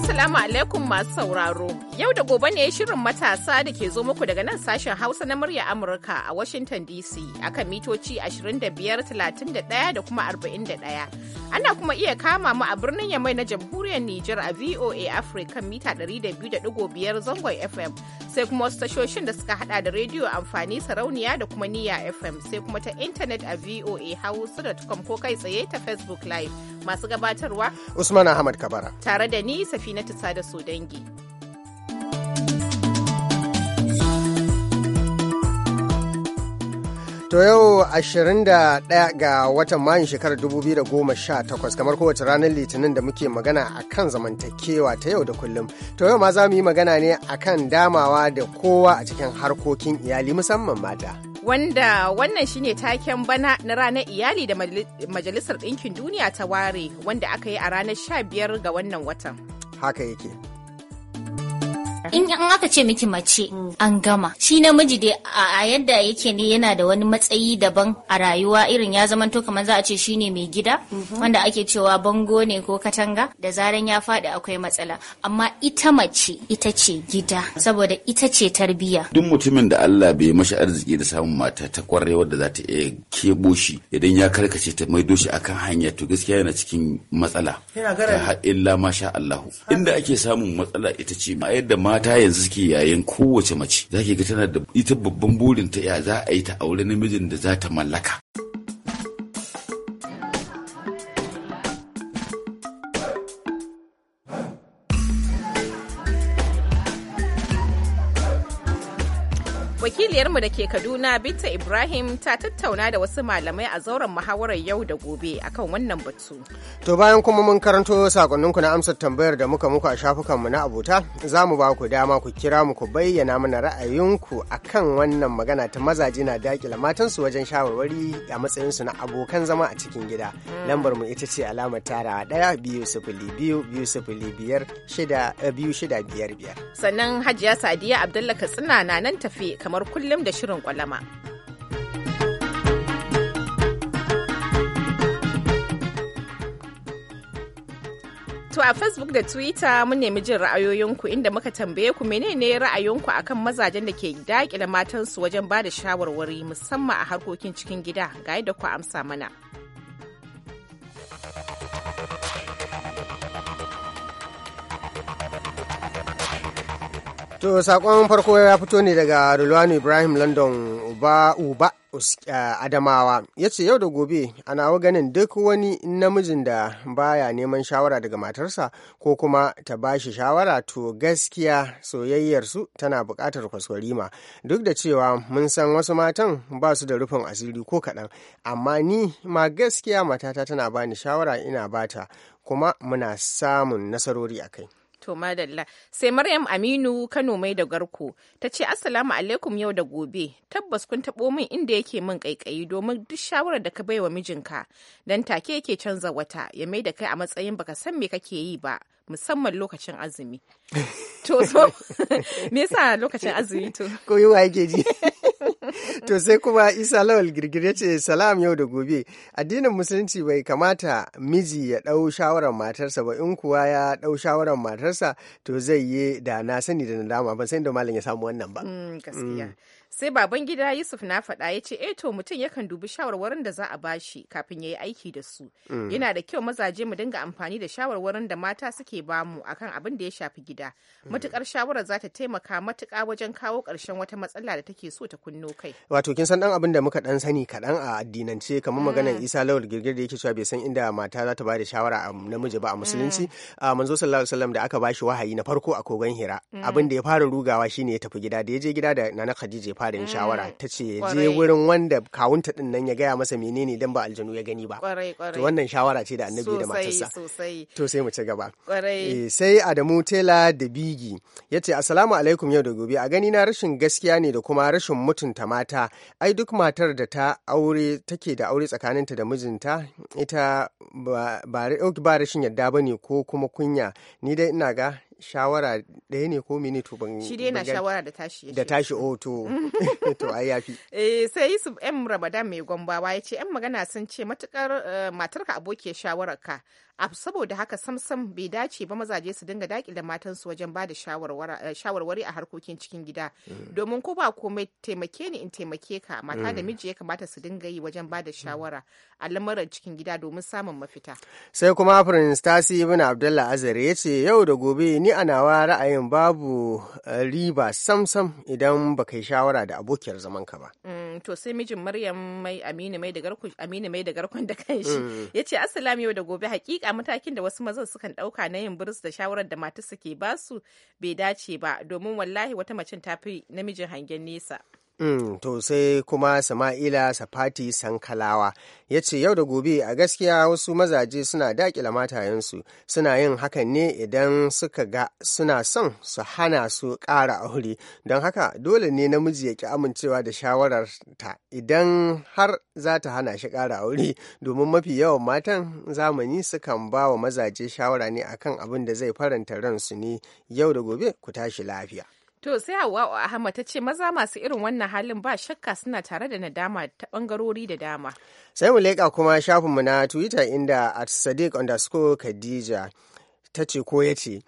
Assalamu alaikum masu sauraro. Yau da gobe ne shirin matasa da ke zo muku daga nan sashen Hausa na murya Amurka a Washington DC akan mitoci 25.31 da kuma 41. Ana kuma iya kama mu a birnin Yamai na jamhuriyar Nijar a VOA Africa mita 200.5 zangon FM sai kuma wasu tashoshin da suka hada da rediyo amfani sarauniya da kuma niya FM sai kuma ta intanet a voa hausa.com ko kai tsaye ta Facebook Live masu gabatarwa Usman Ahmad Kabara tare da ni Safinatu da dangi. To yau 21 ga watan Mayun shekarar 2018 kamar kowace ranar Litinin da muke magana a kan zamantakewa ta yau da kullum. To yau ma za mu yi magana ne a kan damawa da kowa a cikin harkokin iyali musamman mata. wanda wannan shine taken bana na ranar iyali da majalisar ɗinkin duniya ta ware wanda aka yi a ranar 15 ga wannan watan. Haka yake. in an aka ce miki mace mm. an gama shi namiji dai a yadda yake ne yana da wani matsayi daban a rayuwa irin ya zamanto kamar za a ce ne mai gida mm-hmm. wanda ake cewa bango ne ko katanga da zaran ya faɗi akwai matsala amma ita mace ita ce gida saboda ita ce tarbiya. duk mutumin da Allah bai mashi arziki da samun mata ta kware wadda za ta iya kebo shi idan ya karkace ta maido shi akan hanya to gaskiya yana cikin matsala ta illa masha Allah inda ake samun matsala ita ce ma yadda mata yanzu suke yayin kowace mace zaki ga tana da ita babban burin ta ya za a yi ta aure namijin da za ta mallaka mu da ke kaduna binta ibrahim ta tattauna da wasu malamai a zauren muhawarar yau da gobe akan wannan batu to bayan kuma mun karanto sakonninku na amsar tambayar da muka muku a shafukanmu na abota za mu ba ku dama ku kira mu ku bayyana mana ra'ayinku akan wannan magana ta mazaje na dakila matansu wajen shawarwari a matsayinsu na abokan zama a cikin gida mm. lambar mu ita ce alamar tara ɗaya biyu sifili biyu biyu sifili biyar shida eh, biyu shida biyar biyar sannan hajiya sadiya Abdullahi katsina na nan tafi kamar kullum kullum da shirin kwalama. To a Facebook da Twitter mun nemi jin ra'ayoyinku inda muka tambaye ku menene ra'ayinku akan mazajen da ke dakile matansu wajen ba da shawarwari musamman a harkokin cikin gida ga yadda ku amsa mana. To sakon farko ya fito ne daga rulwani Ibrahim London Uba Uba Adamawa ya ce yau da gobe ana ganin duk wani namijin da baya neman shawara daga matarsa ko kuma ta bashi shawara to gaskiya soyayyarsu tana bukatar kwaskwarima duk da cewa mun san wasu matan ba su da rufin asiri ko kaɗan amma ni ma gaskiya matata tana bani shawara ina bata kuma muna samun nasarori a kai. To madalla. Sai Maryam Aminu Kano mai da garko ta ce Assalamu alaikum yau da gobe. Tabbas kun taɓo min inda yake min ƙaiƙayi domin duk shawarar da ka baiwa mijinka dan take yake canza wata ya mai da kai a matsayin baka san me kake yi ba musamman lokacin azumi. To so me yasa lokacin azumi to? Koyo yake ji. to sai kuma isa lawal girgir ya ce salam yau da gobe addinin musulunci bai kamata miji ya ɗau shawarar matarsa ba in kuwa ya ɗau shawarar matarsa to zai yi da na sani da nadama ban san da malam ya samu wannan ba. Mm, gaskiya. Mm. sai baban gida yusuf na faɗa ya ce eto eh mutum yakan dubi shawarwarin da za a bashi kafin ya yi aiki da su mm. yana da kyau mazaje mu dinga amfani da shawarwarin da mata suke bamu akan abin da ya shafi gida mm. matukar shawarar za ta taimaka matuka wajen kawo ƙarshen wata matsala da take so ta kunno kai wato kin san dan abin da muka dan sani kaɗan a addinance kamar maganar mm. isa lawal girgir da yake cewa bai san inda mata za ta ba da shawara a namiji ba a musulunci a manzo sallallahu alaihi wasallam da aka bashi wahayi na farko a kogon hira abin da ya fara rugawa shine ya tafi gida da ya je gida da nana khadija fara yin shawara mm, ta ce je wurin wanda kawunta din nan ya gaya masa menene dan ba aljanu ya gani ba to wannan shawara ce da annabi da matarsa to sai mu ci gaba eh, sai Adamu Tela da Bigi ce assalamu alaikum yau da gobe a gani na rashin gaskiya ne da kuma rashin mutunta mata ai duk matar da ta aure take da aure tsakaninta da mijinta ita ba ba rashin yarda bane ko kuma kunya ni dai ina ga shawara ɗaya ne ko mini to ban shi dai na shawara da tashi da tashi o oh, to to ai yafi eh sai Yusuf M Ramadan mai gombawa ya ce yan magana sun ce matukar eh, matarka abokiyar shawararka saboda haka samsam bai dace ba mazaje su dinga dakile matansu wajen ba da eh, shawarwari a harkokin cikin gida mm. domin ko ba komai taimake ni in taimake ka mata da mm. miji ya kamata su dinga yi wajen ba da shawara a lamarin cikin gida domin samun mafita sai kuma prince tasi ibn abdullah azare ya ce yau da gobe ni a nawa ra'ayin babu eh, riba samsam idan baka yi shawara da abokiyar zaman ka ba mm. to sai mijin Maryam mai Aminu mai da garkun Aminu mai da garkun da kanshi eh. yace assalamu yau da gobe hakika matakin da wasu mazan sukan dauka na yin burus da shawarar da matarsa ke basu bai dace ba domin wallahi wata macen fi namijin hangen nesa. Mm, to sai kuma Sama'ila Safati Sankalawa ya ce yau da gobe a gaskiya wasu mazaje suna dakila matayensu suna yin hakan ne idan suka ga suna son su hana su ƙara aure don haka dole ne namiji ya ki amincewa da shawarar ta idan har za ta hana shi ƙara aure domin mafi yawan matan zamani sukan ba wa mazaje shawara ne akan abin da zai faranta ransu ne yau da gobe ku tashi lafiya. To sai Hawwa'u Ahmad ta ce maza masu irin wannan halin ba shakka suna tare da nadama ta bangarori da dama. Sai mu leƙa kuma shafinmu na Twitter inda at Sadiq underscore Khadija ta ce ko ya ce.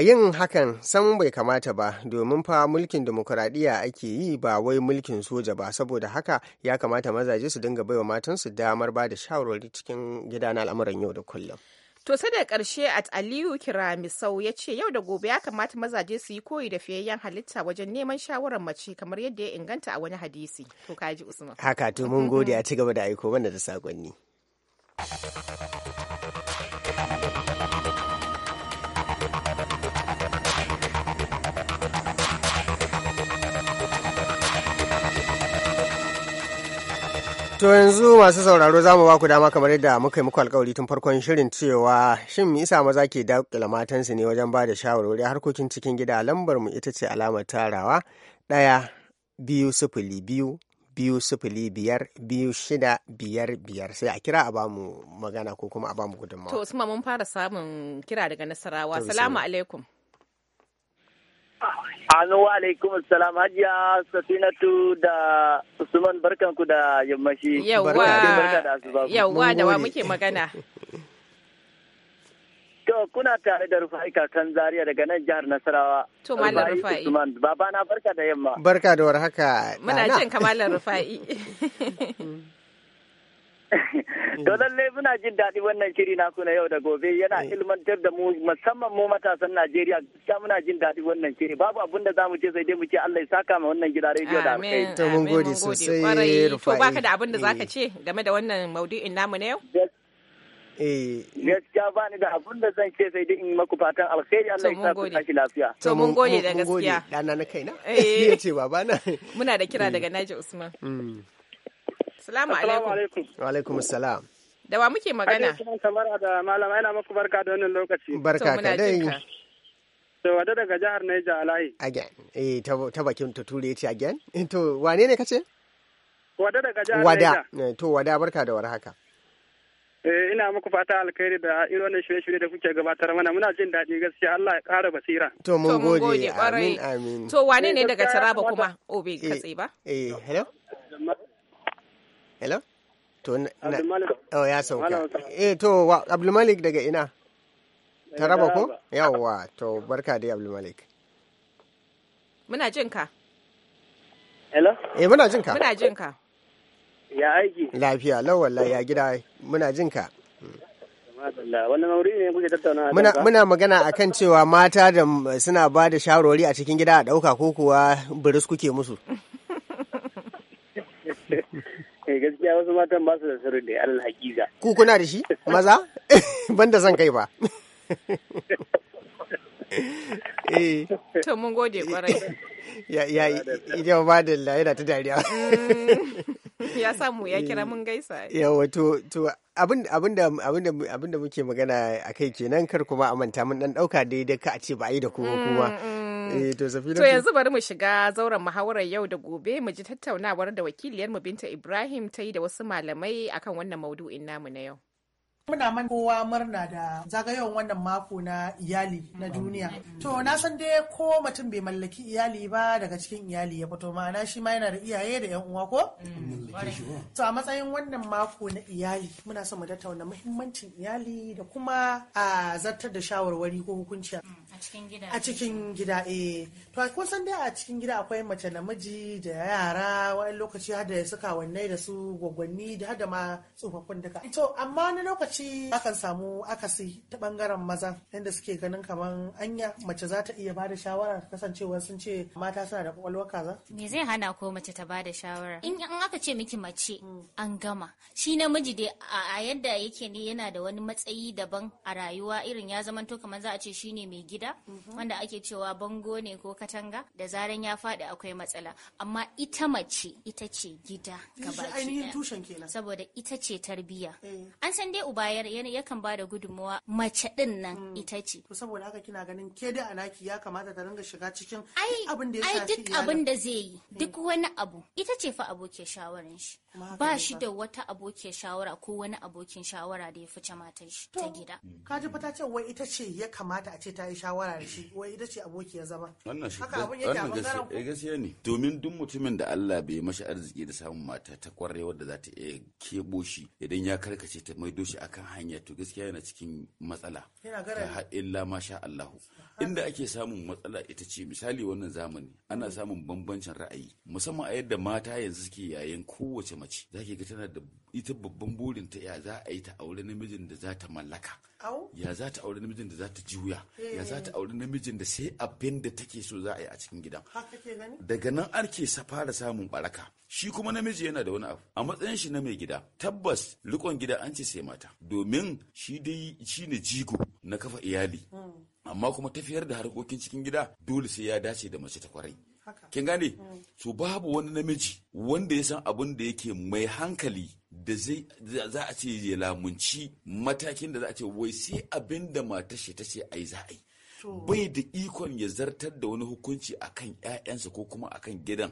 yin hakan san bai kamata ba domin fa mulkin demokuraɗiyya ake yi ba wai mulkin soja ba saboda haka ya kamata mazaje su dinga baiwa matansu damar ba da shawarwari cikin gida na al'amuran yau da kullum. To sai da ƙarshe at Aliyu Kiramisau ya ce yau da gobe ya kamata mazaje su yi koyi da fiyayyen halitta wajen neman shawarar mace kamar yadda ya inganta a wani hadisi. To kaji Usman. Haka to mun gode a ci gaba da aiko mana da sakonni. To yanzu masu sauraro za mu ba ku dama kamar yadda muka yi muku alkawari tun farkon shirin cewa shin me isa maza ke dakila matansu ne wajen ba da shawarwari harkokin cikin gida lambar mu ita ce alamar tarawa ɗaya biyu sifili biyu biyu sifili biyar biyu shida biyar biyar sai a kira a bamu magana ko kuma a bamu gudunmawa. To Usman mun fara samun kira daga Nasarawa. Salamu alaikum. Amin wa alaikum salam hajiya Safinatu da Usman barkanku da yammashi. Yawwa. Yawwa da wa muke magana. To kuna tare da Rufai kakan Zaria daga nan jihar Nasarawa. To Malam Rufai. Usman baba na barka da yamma. Barka da warhaka. Muna jin kamalan Rufai. To lalle muna jin daɗi wannan shiri naku na yau da gobe yana eh. ilmantar da mu musamman mu matasan Najeriya gaskiya muna jin daɗi wannan shiri babu abin da zamu ce sai dai mu ce Allah ya saka ma wannan gida rediyo da alkai. To mun gode sosai To baka da abin da zaka eh. ce game da wannan maudu'in namu na yau? Eh. gaskiya ba ni da abun da zan ce sai dai in maku fatan alheri Allah ya saka ku tashi lafiya to mun gode da gaskiya dana na kaina eh ce baba na muna da kira daga Naji Usman mm. Assalamu alaikum. Wa alaikum salam. Da wa muke magana? Hajji kamar da malama ina muku barka da wannan lokaci. Barka ka dai. To wada daga jihar Niger Alayi. Again. Eh ta bakin Tuture yace again. Eh, to wane ne kace? Wada daga jihar Wada. Eh, to wada barka da warhaka. Eh ina muku fata alkhairi da irin shirye-shirye da kuke gabatar mana muna jin daɗi gaskiya Allah ya ƙara basira. To mun gode. Amin amin. To wane ne eh, daga Taraba kuma? Obe katse ba? Eh hello. hello to na oh ya sauka eh to abdulmalik daga ina ta raba ko yawwa to barka dai abdulmalik muna jin ka hello eh muna jin ka muna jin ka ya aiki lafiya lau wallahi ya gida muna jin ka Muna, muna magana a kan cewa mata da suna ba da shawarwari a cikin gida a ɗauka ko kuwa biris kuke musu. gaskiya wasu matan ba su da sirri da hakika ku kuna da shi maza ban da son kai ba eh. to mun gode kwarai ya ya ya ba da yana ta dariya mm. ya samu ya kira mun gaisa yawa to to abin da muke magana a kai kenan kar kuma a manta mun dan dauka daidai ka a ce ba a yi da kuma kuma mm, mm. eh, to yanzu bari mu shiga zauren muhawarar yau da gobe mu ji tattaunawar da wakiliyar mu Binta Ibrahim ta yi da wasu malamai akan wannan maudu'in namu na yau. Muna man kowa murna da zagayowar wannan mako na iyali na duniya. To na san dai ko mutum bai mallaki iyali ba daga cikin iyali ya fito ma'ana shi ma yana da iyaye da yan uwa ko? Mm, oh. To a matsayin wannan mako na iyali muna son mu tattauna muhimmancin iyali da kuma a zartar da shawarwari ko hukunci. Mm, a cikin gida. A cikin gida, eh. To kun san dai a cikin gida akwai mace namiji da yara wani lokaci har da suka wannai da su gwagwanni da har da ma tsofaffin duka. To amma na lokaci lokaci akan samu akasi ta bangaren maza inda suke ganin kamar anya mace za ta iya bada shawara kasancewa sun ce mata suna da kwakwalwa kaza me zai hana ko mace ta bada shawara in an aka ce miki mace mm. an gama shi namiji dai a yadda yake ne yana da wani matsayi daban a rayuwa irin ya zamanto kamar za a ce shine mai gida mm-hmm. wanda ake cewa bango ne ko katanga da zaran ya faɗi akwai matsala amma ita mace ita ce gida gaba saboda ita ce tarbiyya eh. an san dai uba bayar yakan da gudunmawa mace din nan mm. ita ce to saboda haka kina ganin ke da anaki ya kamata ta ringa shiga cikin abin da ya ai duk abin da zai yi mm. duk wani abu ita ce fa abokin shawaran shi ba shi da wata abokin shawara ko wani abokin shawara da ya fice matar shi ta gida ka ji fa ta ce wai ita ce ya kamata a ce ta yi shawara da shi wai ita ce abokiyar zama wannan shi wannan eh, gaskiya ne domin duk mutumin da Allah bai mashi arziki da samun mata ta kwarewa wadda za ta iya kebo shi idan ya karkace ta maido shi akan hanya to gaskiya yana cikin matsala ta illa masha Allahu inda ake samun matsala ita ce misali wannan zamani ana mm. samun bambancin ra'ayi musamman a yadda mata yanzu suke yayin kowace mace zaki ga tana da ita babban burin ta ya za a yi ta aure namijin da za ta mallaka ya za ta aure namijin da za ta juya eh. ya za ta aure namijin da sai abin da take so za a yi a cikin gidan daga nan arke sa fara samun baraka shi kuma namiji yana da wani abu a matsayin shi na mai gida tabbas rikon gida an ce sai mata domin shi dai shine jigo na kafa iyali hmm. amma kuma tafiyar da harkokin cikin gida dole sai ya dace da mace ta kwarai kin gane hmm. so babu wani namiji wanda ya san abin da yake mai hankali da za a ce ya lamunci matakin da za a ce wai sai abin da matar ta ce ai za a yi bai da ikon ya zartar da wani hukunci akan ƴaƴansa ko kuma akan gidan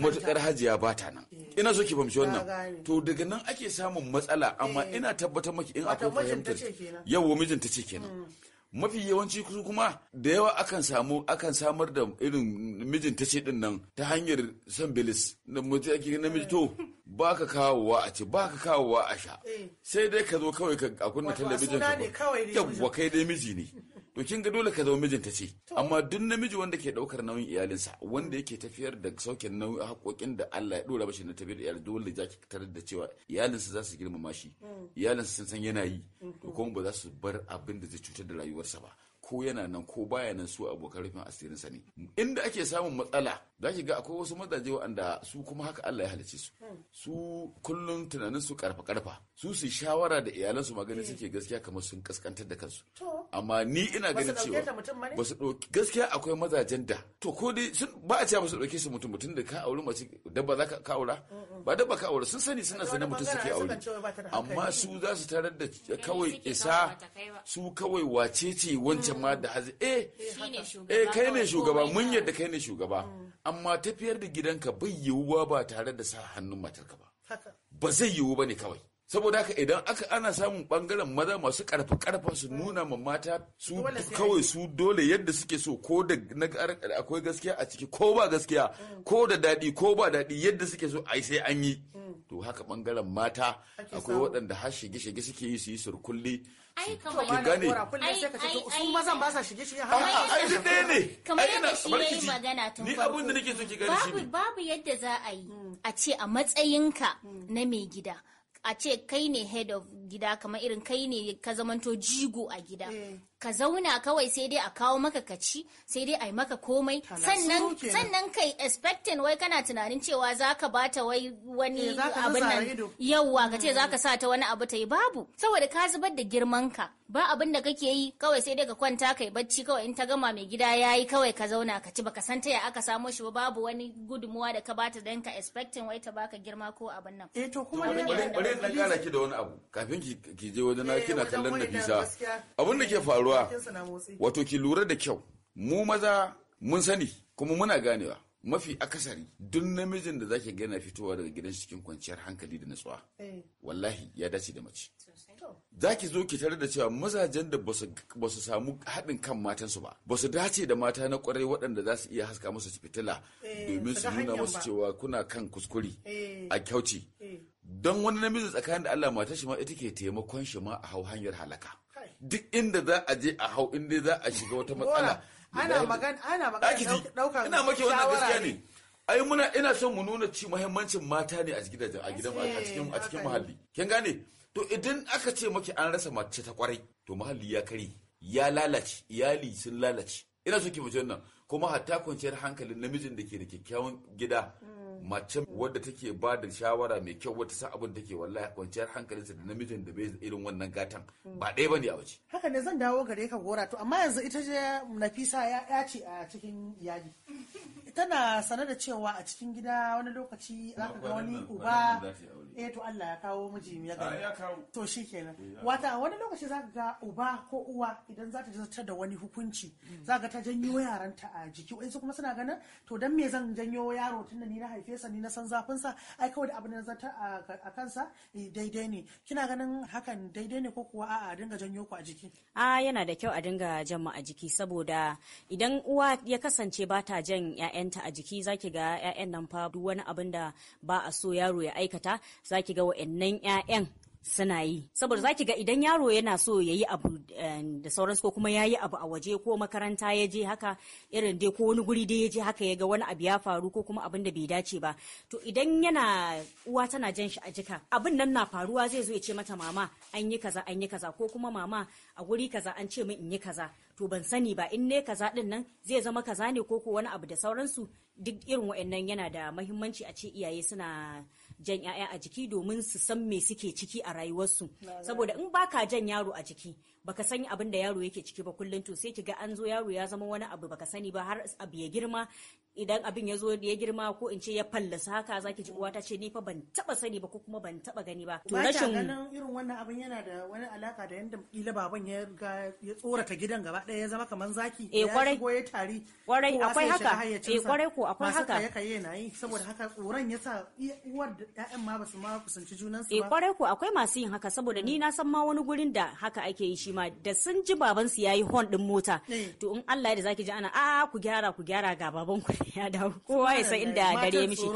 matuƙar hajiya ba ta nan eh. ina so ki fahimci wannan to daga nan ake samun matsala amma eh. ina tabbatar maki in akwai fahimtar yawa mijinta ce kenan mafi yawanci kuma da yawa akan samu akan samar da irin mijin ta ce nan ta hanyar san bilis da mutu ake namiji to ba ka kawowa a ce ba ka wa a sha eh. sai dai ka zo kawai a kunna talabijin ka yawwa kai dai miji ne to kin ga dole ka zama mijinta ce amma duk namiji wanda ke daukar nauyin iyalinsa wanda yake tafiyar da saukin nauyin haƙoƙin da Allah ya dora bashi na tafiyar iyali dole zaki ki da cewa iyalinsa za su girmama shi mm. iyalinsa sun san yana yi mm-hmm. to kuma ba za su bar abin da zai cutar da rayuwarsa ba ko yana nan ko baya nan su abokan rufin asirin sa ne inda ake samun matsala za ki ga akwai wasu mazaje waɗanda su kuma haka Allah ya halice su hmm. su kullum tunanin su karfa karfa su su shawara da iyalan su magana hmm. suke gaskiya kamar sun kaskantar da kansu amma ni ina ganin cewa ba su gaskiya akwai mazajen da to ko dai sun ba a cewa ba su dauki su mutum mutum da ka auri mace dabba za ka aura ba dabba ka aura sun sani suna sanin mutum suke aure amma su za su tarar da eh, kawai isa su kawai wacece wancan ma mm. da hazi eh eh, eh kai ne shugaba mun yadda kai ne shugaba mm. amma tafiyar da gidanka bai yiwuwa ba tare da sa hannun matarka ba ba zai yiwu ba ne kawai saboda haka idan aka ana samun bangaren maza masu karfa karfa su nuna ma mata su kawai su dole yadda suke so ko da na akwai gaskiya a ciki ko ba gaskiya mm. ko da daɗi ko ba daɗi yadda suke so ai sai an yi to haka bangaren mata akwai waɗanda har shige-shige suke yi su yi surkulli ai kamar ki gane su mazan ba sa shige-shige har ai duk ɗaya ne kamar yadda shi yayi magana tun farko ni abin da nake so ki gane shi babu yadda za a yi hmm. a ce a matsayinka hmm. na mai gida a ce kai ne head of gida kamar irin kai ne ka zamanto jigo a gida eh. ka zauna kawai sai dai a kawo maka kaci sai dai a yi maka komai sannan sannan kai expecting wai kana tunanin cewa za ka bata wai wani eh, abin nan yauwa ka ce mm. ka sa ta wani abu ta yi babu saboda ka zubar da girman ka ba abin da kake yi kawai sai dai ka kwanta kai bacci kawai in ta gama mai gida ya yi kawai ka zauna ka ci baka san ta ya aka samo shi ba babu wani gudunmuwa da ka bata dan ka expecting wai ta baka girma ko abin nan eh to kuma ne bare dan ki da wani abu kafin ki je wajen na eh, kina kallon Nafisa abin da ke faru ruwa wato ki lura da kyau mu maza mun sani kuma muna ganewa mafi akasari duk namijin da zaki gani fitowa daga gidan cikin kwanciyar hankali da natsuwa eh. wallahi ya dace da mace zaki zo ki tare da cewa mazajen da basu samu haɗin kan matansu ba ba su dace da mata na kwarai waɗanda za su iya haska musu fitila eh, domin su nuna musu cewa kuna kan kuskure eh. a kyauci don wani namiji tsakanin da Allah matar shi ma ita ke taimakon shi ma a hau hanyar halaka duk inda za a je a hau inda za a shiga wata matsala ana magana ana magana ina maki wannan gaskiya ne ai muna ina son mu nuna ci muhimmancin mata ne a gidajen a gidan a cikin a cikin muhalli kin gane to idan aka ce maki an rasa mace ta kwarai to muhalli ya kare ya lalace iyali sun lalace ina so ki mace wannan kuma hatta kwanciyar hankalin namijin da ke da kyakkyawan gida mace wadda take ba da shawara mai kyau wata sa abin take wallahi kwanciyar hankalinsa da namijin da bai irin wannan gatan ba mm. ɗaya bane a waje haka ne zan dawo gare ka gora to amma yanzu ita je nafisa ya ce a cikin iyali tana sanar da cewa a cikin gida wani lokaci za ka ga wani uba Eh, to Allah ya kawo miji ya gani ah, to shikenan wata wani lokaci za ka ga uba ko uwa idan za ta zartar da wani hukunci za ga ta janyo yaranta a jiki wasu kuma suna ganin to dan me zan janyo yaro da ni na haife sa ni na san zafin sa ai kawai da abin da zartar a kansa eh, daidai ne kina ganin hakan daidai ne ko kuwa a dinga janyo ku a jiki a yana da kyau a dinga jan a jiki saboda idan uwa ya kasance ba ta jan 'ya'yanta a jiki zaki ga 'ya'yan nan fa duk wani abin da ba a so yaro ya aikata zaki ga wa'annan 'ya'yan suna yi saboda zaki ga idan yaro yana so ya yi abu eh, da sauransu ko kuma ya yi abu a waje ko makaranta ya je haka irin dai ko wani guri dai ya je haka ya ga wani abu ya faru ko kuma abin da bai dace ba to idan yana uwa tana jan shi a jika abin nan na faruwa zai zo ya ce mata mama an yi kaza an yi kaza ko kuma mama a guri kaza an ce min in yi kaza to ban sani ba in ne kaza din nan zai zama kaza ne ko ko wani abu da sauransu duk irin wa'annan yana da mahimmanci a ce iyaye suna jan 'ya'ya a jiki domin su san me suke ciki a rayuwarsu saboda in baka jan yaro a jiki baka sani abin da yaro yake ciki ba kullum to sai kiga an zo yaro ya zama wani abu baka sani ba har abu ya girma idan abin ya zo ya girma ko in ce ya fallasa haka zaki ji uwa ta ce ni fa ban taba sani ba ko kuma ban taba gani ba to rashin ganin irin wannan abin yana da wani alaka da yanda kila baban ya ga ya tsorata gidan gaba ɗaya ya zama kamar zaki eh, ya shigo ya tari kwarai akwai haka eh kwarai ko akwai haka masu kaye na yi saboda haka tsoron ya sa uwar da ƴaƴan ma su ma kusanci junansu eh, ba eh kwarai ko akwai masu yin haka saboda ni na san ma wani gurin da haka ake yi shi ma da sun ji babansu ya yi hon din mota eh. to in Allah da zaki ji ana a ku gyara ku gyara ga baban ku ya dawo kowa ya san inda dare mishi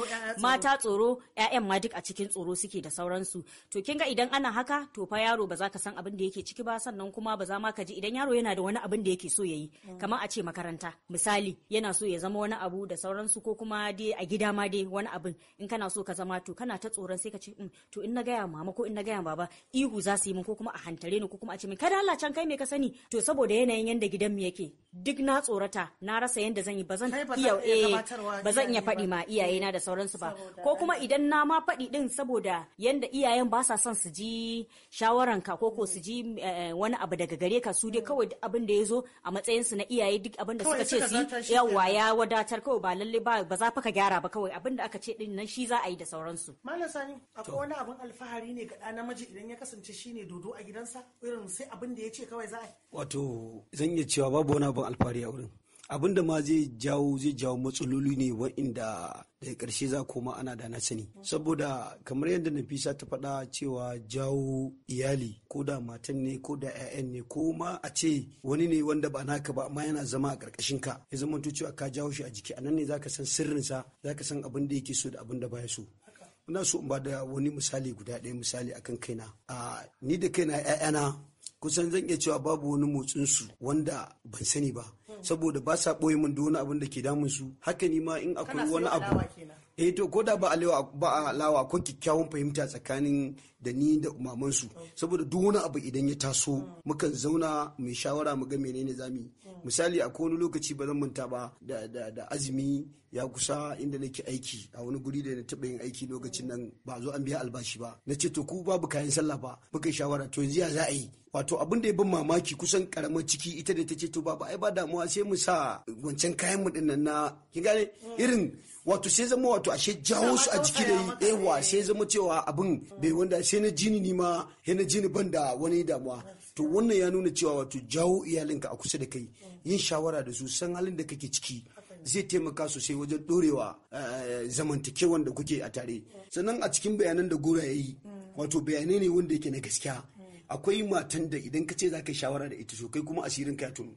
mata tsoro ƴaƴan ma duk a cikin tsoro suke da sauransu to kin ga idan ana haka to fa yaro ba za ka san abin da yake ciki ba sannan kuma ba za ma ka ji idan yaro yana da wani abin da yake so yayi mm. kamar a ce makaranta misali yana so ya zama wani abu da sauransu ko kuma dai a gida ma dai wani abin in kana so ka zama to kana ta tsoron sai ka ce mm, to in na gaya mama ko in na gaya baba ihu za su yi min ko kuma a hantare ni ko kuma a ce min kada Allah can kai me ka sani to saboda yanayin yanda gidan mu yake duk na tsorata na rasa yanda zan yi ba zan eh, iya ba iya faɗi ma iyaye na da sauransu ba ko kuma idan na ma faɗi din saboda yanda iyayen ba sa son su ji shawaran ka ko ko su ji eh, wani abu daga gare ka su dai kawai abin da ya zo a matsayin su na iyaye duk abin da suka ce su yawa ya wadatar kawai ba lalle ba ba za fa ka gyara ba kawai abin da aka ce din nan shi za a yi da sauransu malam sani akwai wani abin alfahari ne ga ɗa namiji idan ya kasance shine dodo a gidansa irin sai abin abin da ya ce kawai za a wato zan iya cewa babu wani abin alfahari a wurin abin da ma zai jawo zai jawo matsaloli ne wa'inda daga karshe za koma ana da na sani saboda kamar yadda nafisa ta faɗa cewa jawo iyali ko da matan ne ko da 'ya'yan ne ko ma a ce wani ne wanda ba naka ba amma yana zama a ƙarƙashin ka ya zama cewa ka jawo shi a jiki anan ne zaka san sirrinsa zaka san abin da yake so da abin da baya so ina so in ba da wani misali guda ɗaya misali akan kaina a ni da kaina 'ya'yana kusan zan iya cewa babu wani motsin su wanda ban sani ba saboda ba sa ɓoye min da wani abin da ke damun su haka ni ma in akwai wani abu eh to ko da ba lawa ba alawa ko kikkiawan fahimta tsakanin da ni da umaman su saboda duk wani abu idan ya taso mm. mukan zauna mai shawara mu ga menene zamu yi mm. misali a wani lokaci ba zan manta ba da azumi ya kusa inda nake aiki a wani guri da na taɓa yin aiki lokacin nan ba zo an biya albashi ba na ce to ku babu kayan sallah ba muka shawara to yanzu ya za a yi wato abin da ya ban mamaki kusan karamar ciki ita da ta ce to babu ai ba damuwa ce mu sa wancan kayan mu dinnan na ki gane irin wato sai zama wato ashe jawo su a jiki da yi sai zama cewa abin bai wanda sai na jini ni ma sai na jini banda wani damuwa to wannan ya nuna cewa wato jawo iyalinka a kusa da kai yin shawara da su san halin da kake ciki zai taimaka sosai wajen dorewa eh, zamantakewan da kuke a tare sannan a cikin bayanan da gora ya yi wato bayanai ne wanda yake na gaskiya akwai matan da idan ka ce za ka shawara da ita so kai kuma asirin ka ya tunu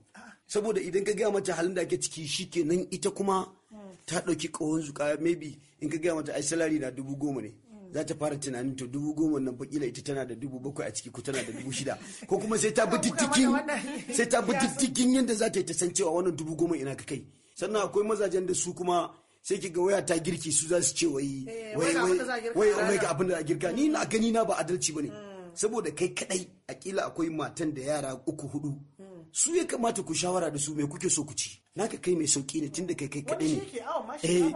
saboda idan ka gaya mata halin da ake ciki shi kenan ita kuma ta ɗauki ƙahon zuka maybe in ka gaya mata ai salari na dubu goma ne za ta fara tunanin to dubu goma nan fakila ita tana da dubu bakwai a ciki ko tana da dubu shida ko kuma sai ta bi diddigin sai ta bi yadda za ta yi ta san cewa wannan dubu goma ina ka kai sannan akwai mazajen da su kuma sai ki ga waya ta girki su za su ce wai wai eh, wai wai ga abin da girka ni na gani na ba adalci bane hmm. saboda kai kadai akila akwai matan da yara uku hudu su ya kamata ku shawara da su mai kuke so ku ci ka kai mai sauki ne tunda kai kai kaɗai ne eh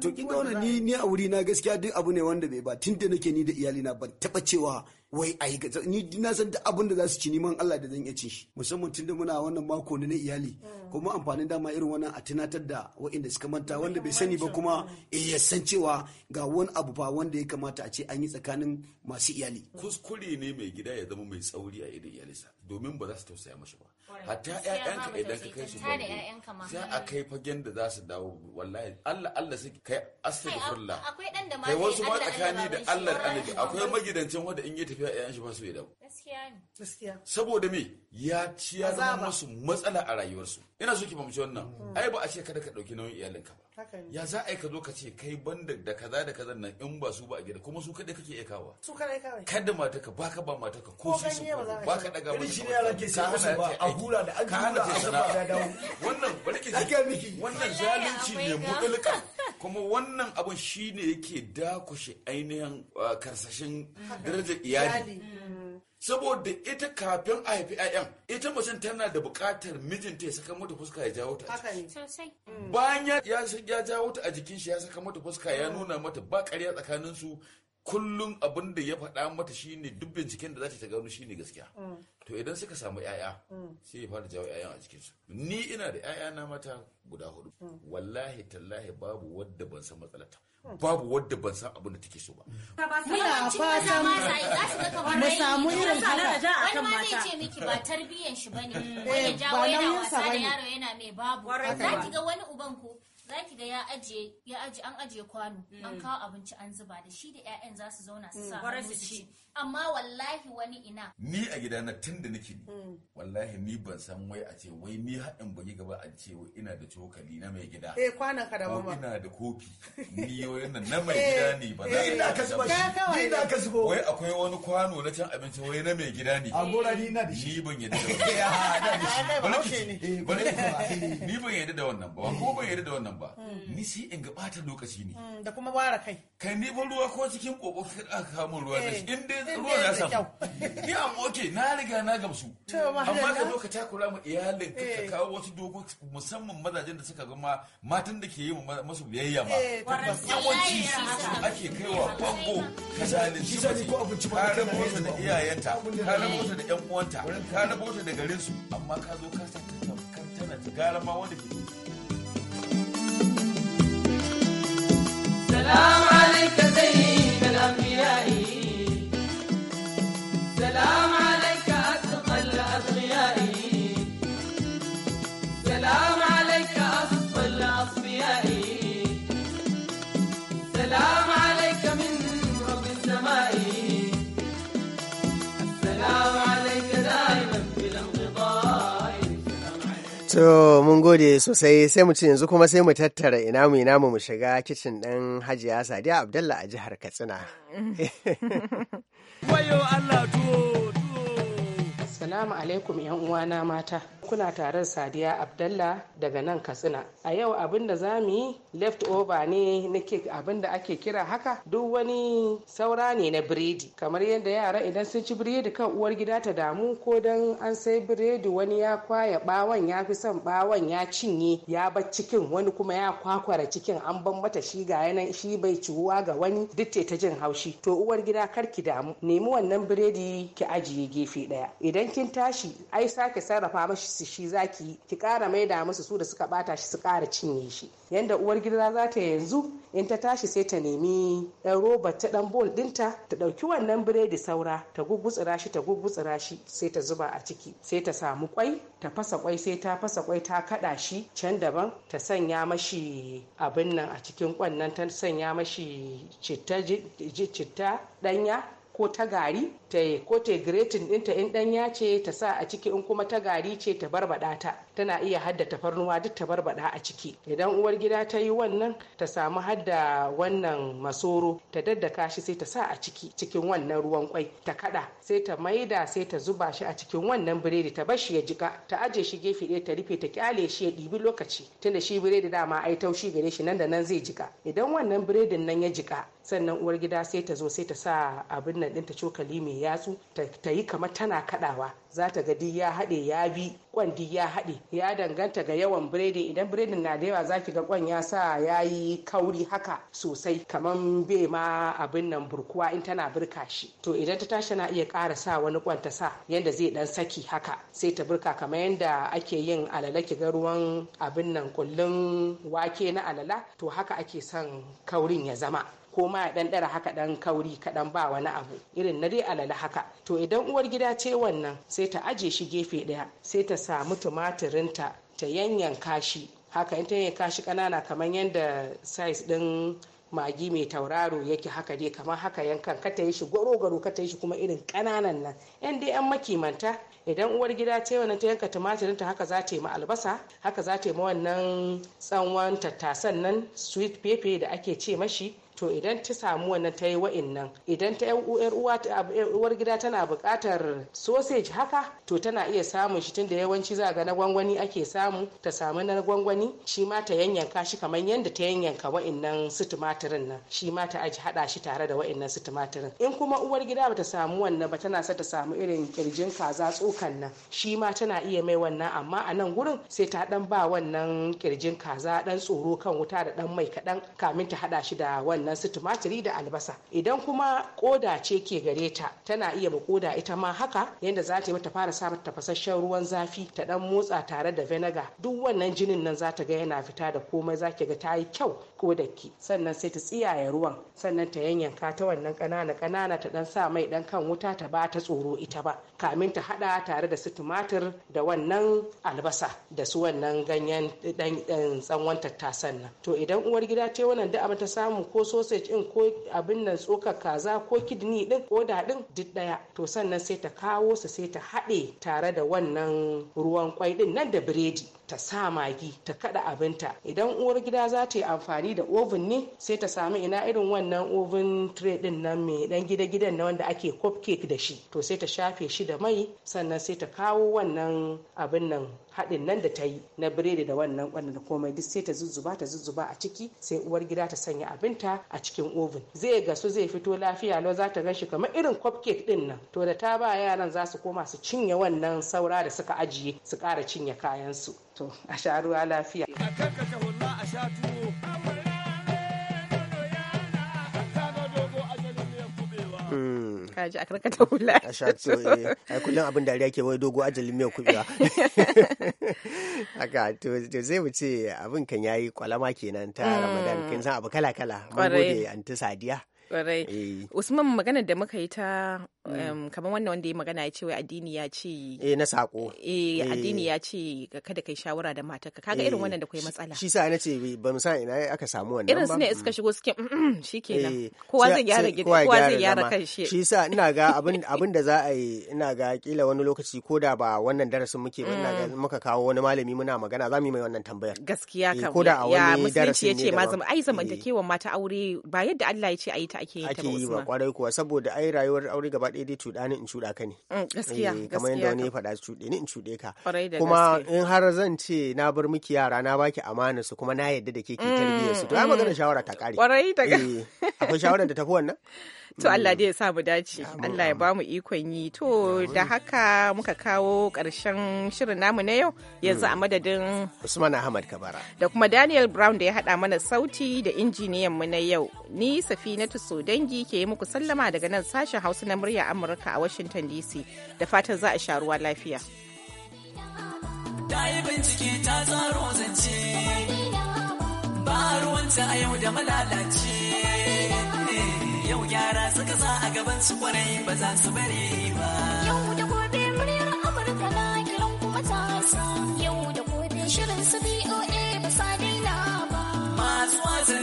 to kin ga wannan ni a wuri na gaskiya duk abu ne wanda bai ba tunda nake ni da iyali na ban taba cewa wai ai ni na san duk abin da za su ci man Allah da zan iya ci shi musamman tunda muna wannan mako ne na iyali mm. kuma amfanin dama irin wannan a tunatar da waɗanda suka manta wanda bai sani ba kuma eh ya san cewa ga wani abu ba wanda ya kamata a ce an yi tsakanin masu iyali kuskure ne mai gida ya zama mai tsauri a idan iyalinsa domin ba za su tausaya mashi ba hatta ƴaƴanka idan ka kai su bango sai a kai fagen da za su dawo wallahi Allah Allah sai kai astaghfirullah akwai dan da kai wasu ma tsakani da Allah annabi akwai magidancin wanda in ya tafiya ƴaƴan shi ba su ya dawo gaskiya ne gaskiya saboda me ya ciyar musu matsala a rayuwarsu ina so ki fahimci wannan mm. ai ba a ce kada ka dauki nauyin ka ba ya za a ka zo ka ce kai banda da kaza da kaza nan in ba su ba a gida kuma su kadai kake iya su kadai kawai kada mataka baka ba mataka ko su ba ka daga ba ka hana ta hura da an hana ta sana'a wannan bari ke wannan zalunci ne mutlaka kuma wannan abun shine yake dakushe ainihin uh, karsashin darajar iyali saboda ita kafin a haifi 'ya'yan ita mutum tana da buƙatar mijinta ya saka mata fuska ya jawo ta bayan ya jawo ta a jikin shi ya saka mata fuska ya nuna mata ba ƙarya tsakanin su kullum abin da ya faɗa mata shine duk binciken da za ta gano shine gaskiya mm. to idan suka samu yaya mm. sai ya fara jawo yayan a jikinsu ni ina da yaya na mata guda hudu mm. wallahi tallahi babu wadda ban san ta babu wadda ban san abin da take so ba muna fatan mu samu irin haka wani ma zai ce miki ba tarbiyyar shi bane wani eh, jawo yana wasa da yaro yana mai babu za ki ga wani uban ku za ki ga ya ajiye ya ajiye an ajiye kwano mm. an kawo abinci an zuba da shi da 'ya'yan za su zauna su mm. sa su ci amma wallahi wani ina ni a gidana tun da nake mm. wallahi ni ban san wai a ce wai ni haɗin bugi gaba a ce wai ina da cokali na mai gida eh kwanan ka da mama ina da kofi ni wai nan na mai eh, gida ne ba za eh, ina ka zuba shi ni na ka zuba wai akwai wani kwano na cin abinci wai na mai gida ne a gora ni na da shi ni ban yadda da wannan eh, ba ni ban yadda da wannan ba ko ban yadda da wannan ba ni shi in ga bata lokaci ne mm, da kuma ware kai kai ne ba ruwa ko cikin kobo ka kawo ruwa da shi eh, in dai ruwa ya samu ni am oke na riga na gamsu amma ka zo ka takura mu iyalin ka eh. kawo wasu dogo musamman mazajen da suka zama matan da ke yi masu biyayya ma eh, yawanci ake kaiwa bango ka zalunci mace ka rabo ta da iyayenta ka rabo ta da yan uwanta ka rabo ta da su. amma ka zo ka sa ta tana ta gara ma wanda ke To mun gode sosai sai mu ci yanzu kuma sai mu tattara ina mu ina mu shiga kicin ɗin Hajiya Sadiya abdullahi a jihar Katsina. Allah Assalamu alaikum yan uwana mata. Kuna taron Sadiya Abdallah daga nan Katsina. A yau abin da za mu yi left over ne na kek abin da ake kira haka duk wani saura ne na biredi. Kamar yadda yara idan sun ci biredi kan uwar gida ta damu ko dan an sai biredi wani ya kwaya bawon ya fi son bawon ya cinye ya ba cikin wani kuma ya kwakwara cikin an ban mata shi ga yanan shi bai ciwuwa ga wani duk ta jin haushi. To uwar gida kar ki damu nemi wannan biredi ki ajiye gefe ɗaya. Idan kin kin tashi ai sake sarrafa mashi su shi zaki ki kara maida musu su da suka bata shi su kara cinye shi yanda uwar gida za ta yanzu in ta tashi sai ta nemi dan roba ta dan bol dinta ta dauki wannan biredi saura ta gugutsira shi ta gugutsira shi sai ta zuba a ciki sai ta samu kwai ta fasa kwai sai ta fasa kwai ta kada shi can daban ta sanya mashi abin nan a cikin kwannan ta sanya mashi citta danya ko ta gari ta ko ta gretin ɗinta in ɗanya ce ta sa a ciki in kuma ta gari ce ta barbaɗa ta tana iya hadda tafarnuwa duk ta barbaɗa a ciki idan uwar gida ta yi wannan ta samu hadda wannan masoro ta daddaka shi sai ta sa a ciki cikin wannan ruwan kwai ta kada sai ta maida sai ta zuba shi a cikin wannan biredi ta bar shi ya jika ta aje shi gefe ɗaya ta rufe ta kyale shi ya ɗibi lokaci tunda shi biredi dama ai taushi gare shi nan da nan zai jika idan wannan biredin nan ya jika sannan uwar gida sai ta zo sai ta sa abin nan ɗinta cokali mai yatsu ta yi kamar tana kaɗawa za ta ga duk ya haɗe ya bi kwan duk ya haɗe ya danganta ga yawan biredi idan biredin na da yawa za ki ga kwan ya sa ya yi kauri haka sosai kamar bai ma abin nan burkuwa in tana birka shi to idan ta tashi na iya ƙara sa wani kwan ta sa yadda zai dan saki haka sai ta birka kamar yadda ake yin alala ki ga ruwan abin nan kullun wake na alala to haka ake son kaurin ya zama ko ma ya dan haka dan kauri kaɗan ba wani abu irin na dai alala haka to idan uwar gida ce wannan sai ta aje shi gefe ɗaya sai ta samu tumatirinta ta yanyanka shi haka in ta yanka shi ƙanana kamar yadda size ɗin magi mai tauraro yake haka dai kamar haka yankan ka ta yi shi goro garo ka ta yi shi kuma irin ƙananan nan yan dai an makimanta idan uwar gida ce wannan ta yanka tumatirinta haka za ta yi ma albasa haka za ta yi ma wannan tsawon tattasan nan sweet pepper da ake ce mashi to idan ta samu wannan ta yi wa'innan idan ta uwar gida tana buƙatar sausage haka to tana iya samun shi tunda yawanci za ga na gwangwani ake samu ta samu na gwangwani shi ma ta yanyanka shi kamar yadda ta yanyanka wa'innan su tumatirin nan shi ma ta aji haɗa shi tare da wa'innan su tumatirin in kuma uwar gida ba ta samu wannan ba tana sa ta samu irin kirjin kaza tsokan nan shi ma tana iya mai wannan amma a nan gurin sai ta dan ba wannan kirjin kaza dan tsoro kan wuta da dan mai kaɗan kamin ta haɗa shi da wannan wannan su tumatiri da albasa idan kuma koda ce ke gare ta tana iya ma koda ita ma haka yadda za ta yi mata fara sa tafasasshen ruwan zafi ta dan motsa tare da vinegar duk wannan jinin nan za ta ga yana fita da komai za ki ga ta yi kyau ko da ki sannan sai ta tsiyaye ruwan sannan ta yanyanka ta wannan ƙanana ƙanana ta dan sa mai dan kan wuta ta ba ta tsoro ita ba kamin ta hada tare da su tumatir da wannan albasa da su wannan ganyen dan tsawon tattasan nan to idan uwar gida ta wannan da abin ta samu ko so sausage in ko abin nan tsoka kaza ko kidney din ko da din duk daya to sannan sai ta kawo su sai ta haɗe tare da wannan ruwan kwai din nan da biredi ta sa magi ta kada abinta idan uwar gida za ta yi amfani da oven ne sai ta samu ina irin wannan oven tray din nan mai dan gida gidan na wanda ake cupcake da shi to sai ta shafe shi da mai sannan sai ta kawo wannan abin nan haɗin nan da ta yi na biredi da wannan wannan da komai duk sai ta zuzzuba ta zuzzuba a ciki sai uwar gida ta sanya abinta a cikin oven zai gasu zai fito lafiya lau za ta gan shi kamar irin cupcake din nan to da ta ba yaran za su koma su cinye wannan saura da suka ajiye su kara cinye kayansu to a sha ruwa lafiya a kanka ka hulla a sha tuwo kaji a karkata hula a sha tuwo eh, ai kullum abin dariya ke wai dogo ajalin miyan kubewa haka to zai mu ce abin kan yayi kwalama kenan ta mm. ramadan kin san abu kala kala mun gode anti sadiya Kwarai. Eh. Usman maganar da muka yi ta Mm. kamar wannan wanda ya magana ya ce wai addini ya ce eh na sako eh, eh addini ya ce kada kai shawara da matarka kaga irin eh, wannan da kai matsala shi sa na ce ba mu san ina aka samu wannan ba irin su ne iska mm. shigo suke mm, shikenan eh, kowa zai gyara gida kowa zai gyara kanshi shi sa ina ga abin abin da za a yi ina ga kila wani lokaci ko da ba wannan darasin muke ba ina ga muka kawo wani malami muna magana za mu yi mai wannan tambayar gaskiya kam ko da a wani darasin ne ma ai zamantakewa mata aure ba yadda Allah ya ce a yi ta ake yi ta ba kwarai kuwa saboda ai rayuwar aure gaba ɗaya dai cuɗa ni in cuɗa ka ne mm, gaskiya eh, kamar yadda wani ya faɗa cuɗe ni in cuɗe ka kuma in har zan ce na bar miki yara na baki amana su kuma na yadda da ke ke tarbiyyar su to ai mm, magana mm. shawara ta ƙare kwarai da eh, akwai shawarar da tafi wannan To Allah mm. dai ya sa mu dace. Allah ya ba mu ikon yi. To da haka muka kawo ƙarshen shirin namu na yau yanzu a mm. madadin Usman Ahmad Kabara. Da kuma Daniel Brown da ya haɗa mana sauti da injiniyan mu na yau. Ni Safinatu Sodangi ke yi muku sallama daga nan sashen Hausa na murya Amurka a Washington DC. Da fatan za a sha ruwa lafiya. Ta bincike ta zaro zance. Ba ruwanta a yau da malalace. Eh. yau gyara suka sa a gaban su kwarai ba za su bari ba yau da gobe muryar amurka na kiran kuma ta yau da gobe shirin su boa ba sa daina ba